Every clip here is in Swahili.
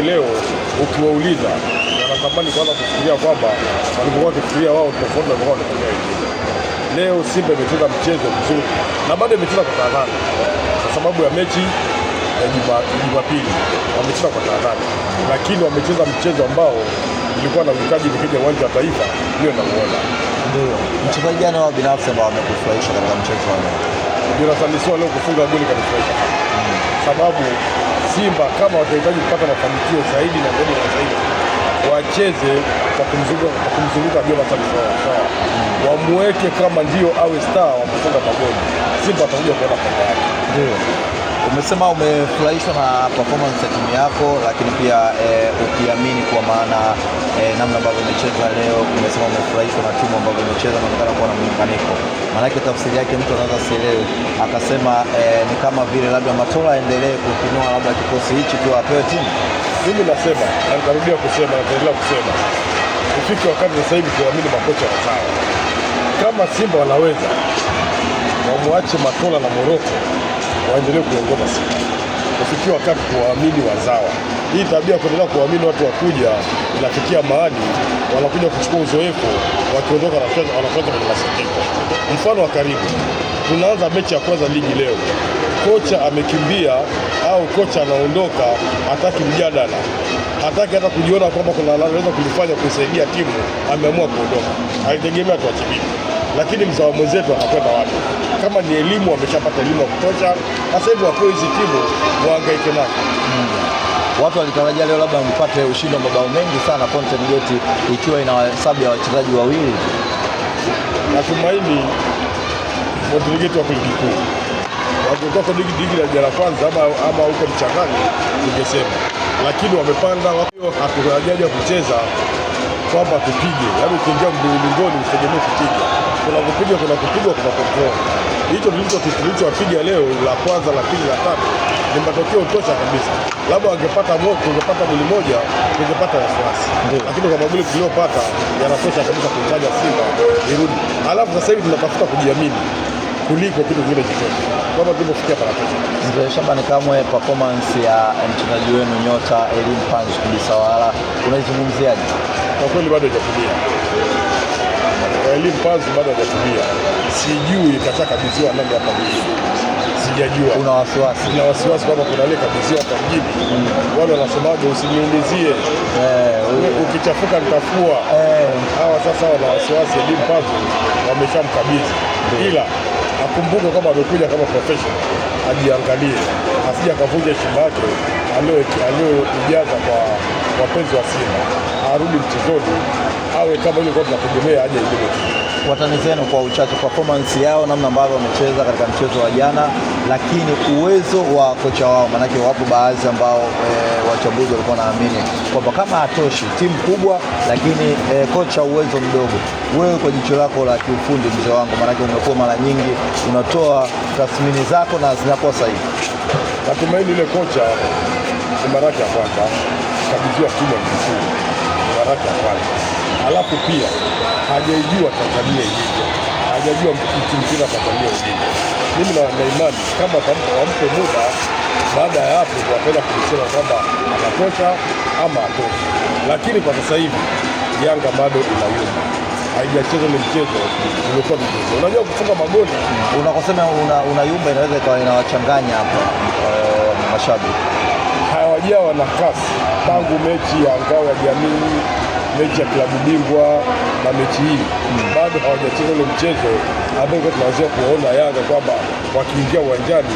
Leo ukiwauliza wanatamani kwanza kufikiria kwamba walipokuwa wakifikiria wao tofauti na wao Leo Simba imecheza mchezo mzuri na bado imecheza kwa tahadhari kwa sababu ya mechi ya Jumapili, wamecheza kwa tahadhari, lakini wamecheza mchezo ambao ilikuwa na uhitaji nikija uwanja wa Taifa ndio nauona. Ndio mchezaji jana wao binafsi ambao wamekufurahisha katika mchezo wa leo? Jonathan Soa leo kufunga goli kanifurahisha mm. sababu Simba kama watahitaji kupata mafanikio zaidi na zaidi na zaidi, wacheze kwa kumzunguka Joma sawasawa, mm. wamweke kama ndio awe star wa kufunga magoli. Simba atakuja kuona faida yake. Ndio umesema umefurahishwa na performance ya timu yako, lakini pia e, ukiamini kwa maana eh, namna ambavyo umecheza leo, umesema umefurahishwa na timu ambavyo umecheza, naonekana kuwa na muunganiko. Maanake tafsiri yake mtu anaweza sielewe, akasema eh, ni kama vile labda Matola aendelee kukinua labda kikosi hichi tu apewe timu. Mimi nasema na nitarudia kusema na nitaendelea kusema, ufike wakati sasa hivi tuamini makocha wazawa. Kama Simba wanaweza wamwache Matola na Moroko waendelee kuongoza Simba, ufikia wakati tuwaamini wazawa hii tabia kuendelea kuamini watu wakuja, inafikia mahali wanakuja kuchukua uzoefu, wakiondoka wanafuata kwenye masikitiko. Mfano wa karibu, tunaanza mechi ya kwanza ligi leo, kocha amekimbia au kocha anaondoka, hataki mjadala, hataki hata kujiona kwamba kuna anaweza kulifanya kuisaidia timu, ameamua kuondoka. Alitegemea tuachibiki lakini mzawa mwenzetu anakwenda wapi? Kama ni elimu, wameshapata elimu ya kutosha, sasa hivi wapewe hizi timu waangaike nayo watu walitarajia leo labda mpate ushindi wa mabao mengi sana Fountain Gate ikiwa ina hesabu ya wachezaji wawili. Natumaini Fountain Gate wa ligi kuu, wakitoka ligi la jara kwanza ama, ama huko mchangani ningesema, lakini wamepanda wao, hatutarajia kucheza kwamba tupige, yaani ukiingia mlingoni usitegemee kupiga, kuna kupiga, kuna kupigwa, kuna kontrol. Hicho tulichowapiga leo, la kwanza, la pili, la tatu ni matokeo tosha kabisa. Labda wangepata moto ungepata goli moja ungepata wasiwasi, lakini kwa magoli tuliopata yanatosha kabisa kuitaja Simba irudi. Alafu sasa hivi tunatafuta kujiamini kuliko kitu kingine chochote, kama tulipofikia panatosha. Mzee Shabani Kamwe, performance ya mchezaji wenu nyota Elim Panzu Kubisawala unaizungumziaje? Kwa kweli bado haijatumia Elim Panzu, bado haijatumia, sijui kataka biziwa nani hapa mjini sijajua. Una wasiwasi? kuna wasiwasi kwamba kuna ile kabisa hapa mjini mm. wale wanasemaje, usiniulizie eh, ukichafuka nitafua. Eh, hawa sasa wana wasiwasi, elimu pazo wameshamkabidhi, ila akumbuke kwamba amekuja kama professional, ajiangalie, asije akavunja heshima yake aliyoijaza kwa wapenzi wa Simba, arudi mchezoni awe kama ile kwa tunategemea aje ile watani zenu kwa uchache, performance yao, namna ambavyo wamecheza katika mchezo wa jana, lakini uwezo wa kocha wao, maanake wapo baadhi ambao e, wachambuzi walikuwa wanaamini kwamba kama hatoshi timu kubwa, lakini e, kocha uwezo mdogo. Wewe kwa jicho lako la kiufundi, mzee wangu, maanake umekuwa mara nyingi unatoa tathmini zako na zinakuwa sahihi, natumaini ile kocha ni mara yake ya kwanza kabidhiwa timu ya mzee, mara yake ya kwanza alafu pia hajaijua Tanzania ilivyo, hajajua nchi mpira Tanzania ilivyo. Mimi na imani kama wampe muda, baada ya hapo wataweza kusema kwamba anatosha ama atoshi, lakini kwa sasa hivi Yanga bado inayumba haijacheza ni mchezo uliokuwa mchezo. Unajua kufunga magoli unakosema unayumba, inaweza ikawa inawachanganya hapa eh, mashabiki, hawajawa na kasi tangu mechi ya ngao ya jamii mechi ya klabu bingwa na mechi hii hmm. bado hawajacheza ule mchezo ambao tunaweza kuona Yanga kwamba wakiingia uwanjani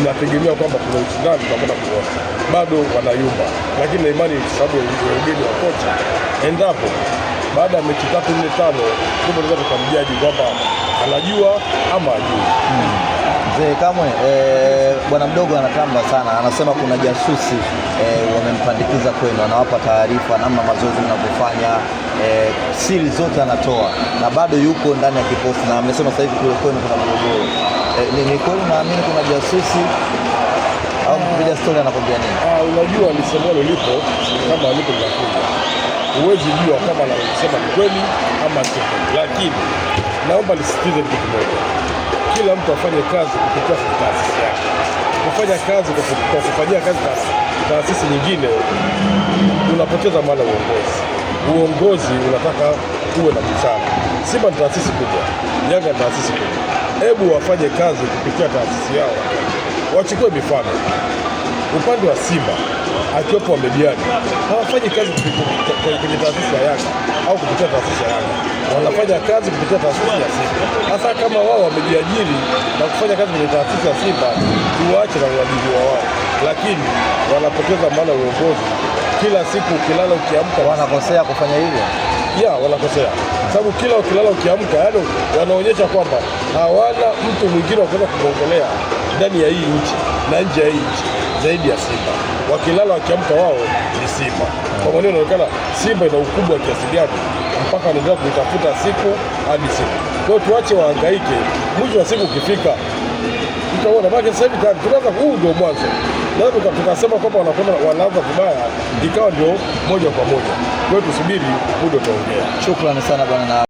inategemea kwamba kuna ushindani tutakwenda kuona, bado wanayumba, lakini na imani sababu ya ugeni wa kocha, endapo baada ya mechi tatu nne tano ndipo tunaweza tukamjaji kwamba anajua ama ajui. Hmm. Mzee Kamwe eh, bwana mdogo anatamba sana, anasema kuna jasusi eh, wamempandikiza kwenu, anawapa taarifa namna mazoezi mnavyofanya, eh, siri zote anatoa na bado yuko ndani ya kikosi, na amesema sasa hivi kule kwenu kuna mgogoro eh, ni, ni kweli? Naamini kuna jasusi au mpiga stori anakwambia nini? Uh, Unajua lisemwa lipo kama lipo linakuja, huwezi jua kama anasema ni kweli ama sio, lakini naomba nisikize kitu kimoja kila mtu afanye kazi kupitia taasisi yake, kufanya kazi kwa kufanyia kazi taasisi nyingine, unapoteza maana uongozi. Uongozi unataka uwe na busara. Simba ni taasisi kubwa, Yanga ni taasisi kubwa. Hebu wafanye kazi kupitia taasisi yao, wachukue mifano upande wa Simba akiwepo wamediani hawafanyi kazi kwenye taasisi ya Yanga au kupitia taasisi ya Yanga, wanafanya kazi kupitia taasisi ya Simba. Hasa kama wao wamejiajiri na kufanya kazi kwenye taasisi ya Simba, tuwache na wa wao, lakini wanapoteza maana uongozi kila siku. Ukilala ukiamka, wanakosea kufanya hivyo ya wanakosea sababu kila ukilala ukiamka, yani wanaonyesha kwamba hawana mtu mwingine wa kuweza kugongelea ndani ya hii nchi na nje ya hii nchi zaidi ya Simba. Wakilala wakiamka wao ni Simba. Kwa maana inaonekana Simba ina ukubwa kiasi gani mpaka wanaendelea kuitafuta siku hadi siku. Kwa hiyo tuache wahangaike, mwisho wa siku ukifika tutaona. Maana sasa hivi tunaanza, huu ndio mwanzo na tukasema kwamba wanakwenda wanaanza vibaya, ikawa ndio moja kwa moja. Kwa hiyo tusubiri, muda utaongea. Shukrani sana bwana.